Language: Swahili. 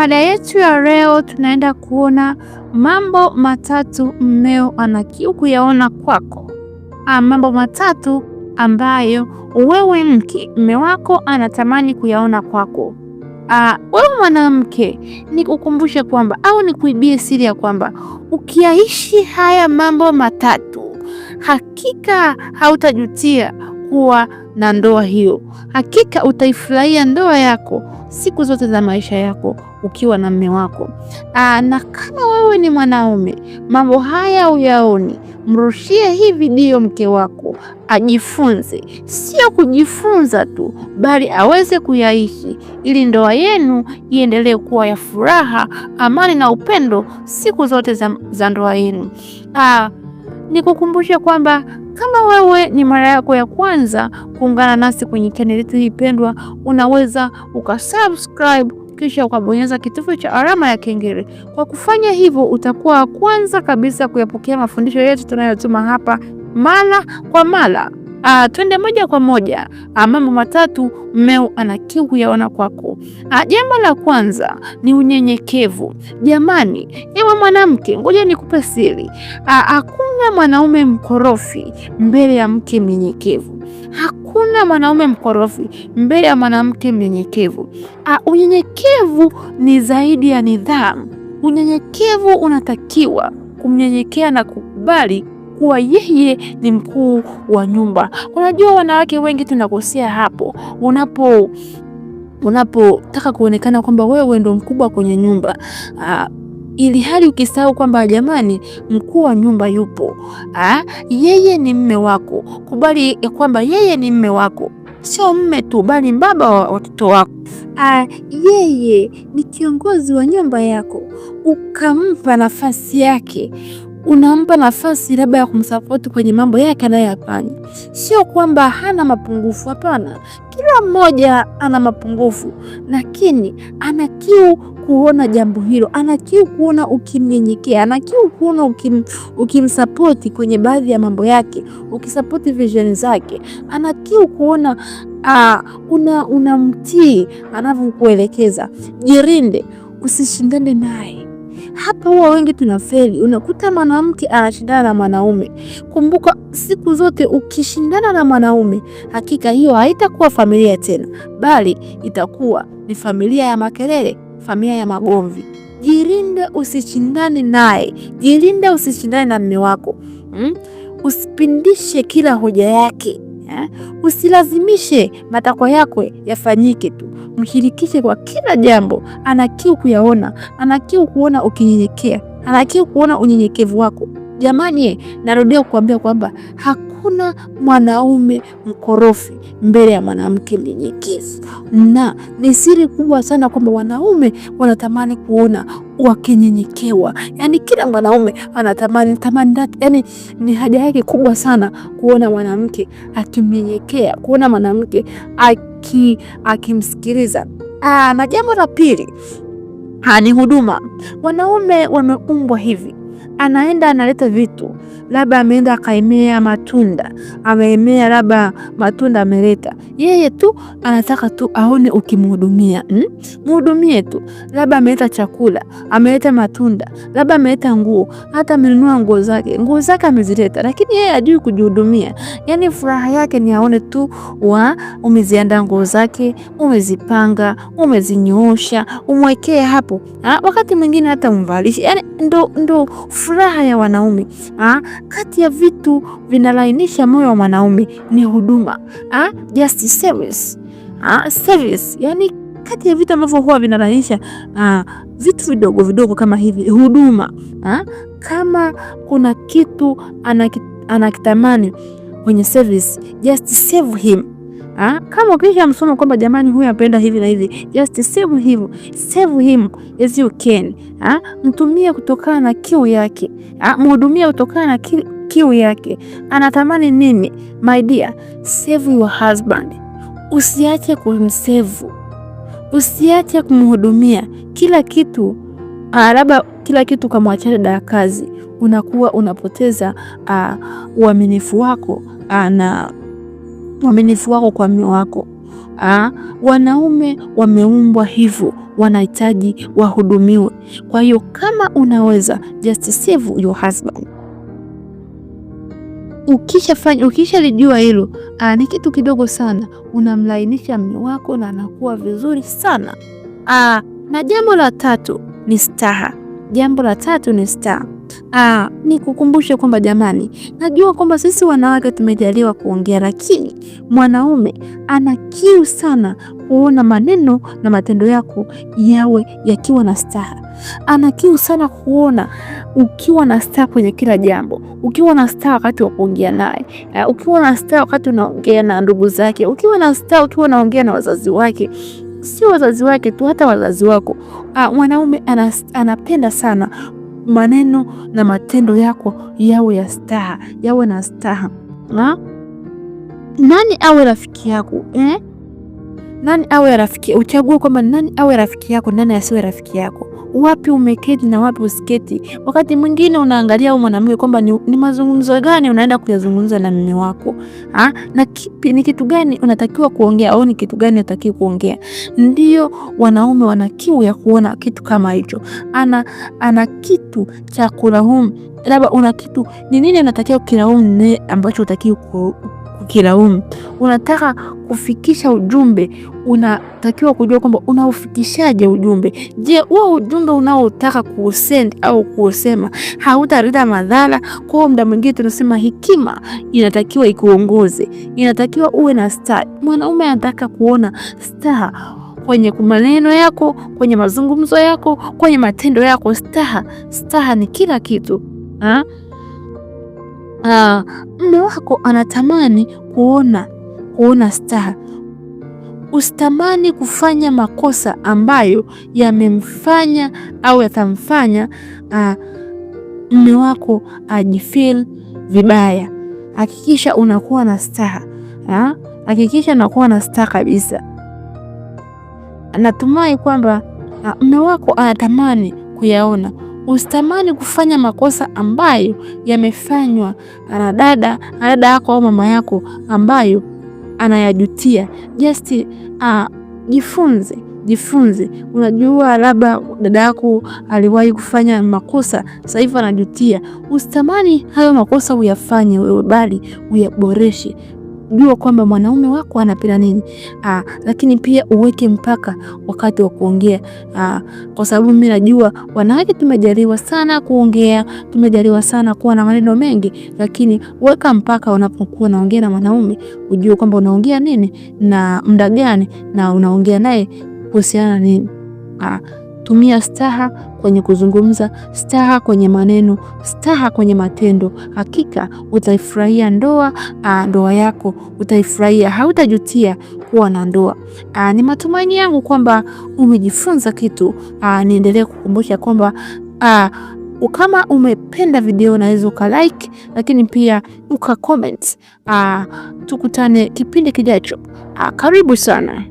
mada yetu ya leo tunaenda kuona mambo matatu mmeo ana kiu kuyaona kwako. A, ah, mambo matatu ambayo wewe mke mme wako anatamani kuyaona kwako. A, ah, wewe mwanamke, ni kukumbushe kwamba au ni kuibie siri ya kwamba ukiyaishi haya mambo matatu, hakika hautajutia kuwa na ndoa hiyo. Hakika utaifurahia ndoa yako siku zote za maisha yako ukiwa na mme wako. Aa, ah, na kama wewe ni mwanaume mambo haya uyaoni, mrushie hii video mke wako ajifunze, sio kujifunza tu, bali aweze kuyaishi, ili ndoa yenu iendelee kuwa ya furaha, amani na upendo siku zote za, za ndoa yenu. Aa, ah, nikukumbushe kwamba kama wewe ni mara yako ya kwanza kuungana nasi kwenye chaneli yetu hii pendwa, unaweza ukasubscribe kisha ukabonyeza kitufe cha alama ya kengele. Kwa kufanya hivyo, utakuwa wa kwanza kabisa kuyapokea mafundisho yetu tunayotuma hapa mara kwa mara. Uh, twende moja kwa moja uh, mambo matatu mmeo ana kiu kuyaona kwako. Uh, ah, jambo la kwanza ni unyenyekevu. Jamani, ewe mwanamke, ngoja nikupe siri. Hakuna mwanaume mkorofi mbele ya mke mnyenyekevu. Hakuna mwanaume mkorofi mbele ya mwanamke mnyenyekevu. Uh, unyenyekevu ni zaidi ya nidhamu. Unyenyekevu unatakiwa kumnyenyekea na kukubali kuwa yeye ni mkuu wa nyumba. Unajua, wanawake wengi tunakosea hapo, unapo unapotaka kuonekana kwamba wewe ndo mkubwa kwenye nyumba aa, ah, ili hali ukisahau kwamba jamani, mkuu wa nyumba yupo ha? Ah, yeye ni mme wako. Kubali ya kwamba yeye ni mme wako, sio mme tu, bali baba wa watoto wako. ha. Ah, yeye ni kiongozi wa nyumba yako, ukampa nafasi yake unampa nafasi labda ya kumsapoti kwenye mambo yake anayoyafanya. Sio kwamba hana mapungufu, hapana. Kila mmoja ana mapungufu, lakini ana kiu kuona jambo hilo, ana kiu kuona ukimnyenyekea, ana kiu kuona ukim, ukimsapoti kwenye baadhi ya mambo yake, ukisapoti vision zake, ana kiu kuona uh, una unamtii anavyokuelekeza. Jirinde, usishindane naye hapa huwa wengi tunafeli, unakuta mwanamke anashindana na mwanaume. Kumbuka siku zote ukishindana na mwanaume, hakika hiyo haitakuwa familia tena, bali itakuwa ni familia ya makelele, familia ya magomvi. Jilinde, usishindane naye. Jilinde, usishindane na mme wako hmm? Usipindishe kila hoja yake eh? Usilazimishe matakwa yako yafanyike tu, mshirikishe kwa kila jambo. Ana kiu kuyaona, ana kiu kuona ukinyenyekea, ana kiu kuona unyenyekevu wako. Jamani, narudia kukuambia kwamba hakuna mwanaume mkorofi mbele ya mwanamke mnyenyekevu, na ni siri kubwa sana kwamba wanaume wanatamani kuona wakinyenyekewa. Yani kila mwanaume anatamani tamani, yani ni haja yake kubwa sana kuona mwanamke akimnyenyekea, kuona mwanamke aki akimsikiliza. Aa, ah, na jambo la pili ah, ni huduma. Wanaume wameumbwa hivi anaenda analeta vitu, labda ameenda akaemea matunda, ameemea labda matunda ameleta, yeye tu anataka tu aone ukimhudumia, hmm? mhudumie hmm? tu. Labda ameleta chakula, ameleta matunda, labda ameleta nguo, hata amenunua nguo zake, nguo zake amezileta, lakini yeye ajui kujihudumia. Yani furaha yake ni aone tu wa umezianda nguo zake, umezipanga, umezinyoosha, umwekee hapo ha, wakati mwingine hata umvalishi, yani ndo ndo furaha ya wanaume. ha? Ah? kati ya vitu vinalainisha moyo wa mwanaume ni huduma. Ah, just service. Ha? Ah? service. Yani kati ya vitu ambavyo huwa vinalainisha ah, vitu vidogo vidogo kama hivi huduma. ha? kama kuna kitu anakitamani kwenye service, just serve him ha? Ah, kama ukisha msoma kwamba jamani, huyu apenda hivi na hivi, just save him, save him as you can. ha? Ah, mtumie kutokana na kiu yake. Ah, mhudumie kutokana na kiu yake. Anatamani nini? My dear, save your husband. Usiache kumsevu, usiache kumhudumia kila kitu. Ah, labda kila kitu kamwachana da kazi, unakuwa unapoteza ah, uaminifu wako na uaminifu wako kwa mume wako. Aa, wanaume wameumbwa hivyo, wanahitaji wahudumiwe. Kwa hiyo kama unaweza just save your husband. Ukishafanya, ukishalijua hilo, ni kitu kidogo sana, unamlainisha mume wako na anakuwa vizuri sana. Ah, na jambo la tatu ni staha. Jambo la tatu ni star. Ah, nikukumbushe kwamba jamani, najua kwamba sisi wanawake tumejaliwa kuongea, lakini mwanaume ana kiu sana kuona maneno na matendo yako yawe yakiwa na staha. Ana kiu sana kuona ukiwa na staha kwenye kila jambo, ukiwa na staha wakati wa kuongea naye, eh, ukiwa na staha wakati unaongea na ndugu zake, ukiwa na staha ukiwa unaongea na wazazi wake sio wazazi wake tu, hata wazazi wako. Ah, mwanaume anas, anapenda sana maneno na matendo yako yawe ya staha, yawe na staha. Na nani awe rafiki yako eh? Nani awe rafiki, uchague kwamba nani awe rafiki yako, nani asiwe rafiki yako wapi umeketi na wapi usiketi. Wakati mwingine unaangalia huyu mwanamke kwamba ni, ni mazungumzo gani unaenda kuyazungumza na mume wako ha? na kipi, ni kitu gani unatakiwa kuongea au ni kitu gani unatakiwa kuongea. Ndio wanaume wana kiu ya kuona kitu kama hicho, ana ana kitu cha kulaumu, labda una kitu ni nini unatakiwa kulaumu ambacho utakiwa kukilaumu unataka kufikisha ujumbe, unatakiwa kujua kwamba unaufikishaje ujumbe. Je, huo ujumbe unaotaka kuusend au kuusema hautarida madhara? Kwa muda mwingine tunasema hekima inatakiwa ikuongoze, inatakiwa uwe na star. Mwanaume anataka kuona star kwenye maneno yako, kwenye mazungumzo yako, kwenye matendo yako. Staha, staha ni kila kitu. Ah? Ah, mme wako anatamani kuona kuona staha. Usitamani kufanya makosa ambayo yamemfanya au yatamfanya ah, mme wako ajifil vibaya. Hakikisha unakuwa na staha, hakikisha unakuwa na staha kabisa. Natumai kwamba ah, mme wako anatamani kuyaona. Usitamani kufanya makosa ambayo yamefanywa na dada na dada yako au mama yako ambayo anayajutia. Just uh, jifunze jifunze. Unajua, labda dada yako aliwahi kufanya makosa, sasa hivi anajutia. Usitamani hayo makosa uyafanye wewe, bali uyaboreshe jua kwamba mwanaume wako anapenda nini. Ah, lakini pia uweke mpaka wakati wa kuongea, ah, kwa sababu mimi najua wanawake tumejaliwa sana kuongea, tumejaliwa sana kuwa na maneno mengi, lakini weka mpaka unapokuwa unaongea na mwanaume, ujue kwamba unaongea nini na muda gani na unaongea naye kuhusiana nini. Ah, Tumia staha kwenye kuzungumza, staha kwenye maneno, staha kwenye matendo. Hakika utaifurahia ndoa a, ah, ndoa yako utaifurahia, hautajutia kuwa na ndoa. Ah, ni matumaini yangu kwamba umejifunza kitu. Ah, niendelee kukumbusha kwamba kama umependa video unaweza ukalike, lakini pia uka comment. Tukutane kipindi kijacho. Karibu sana.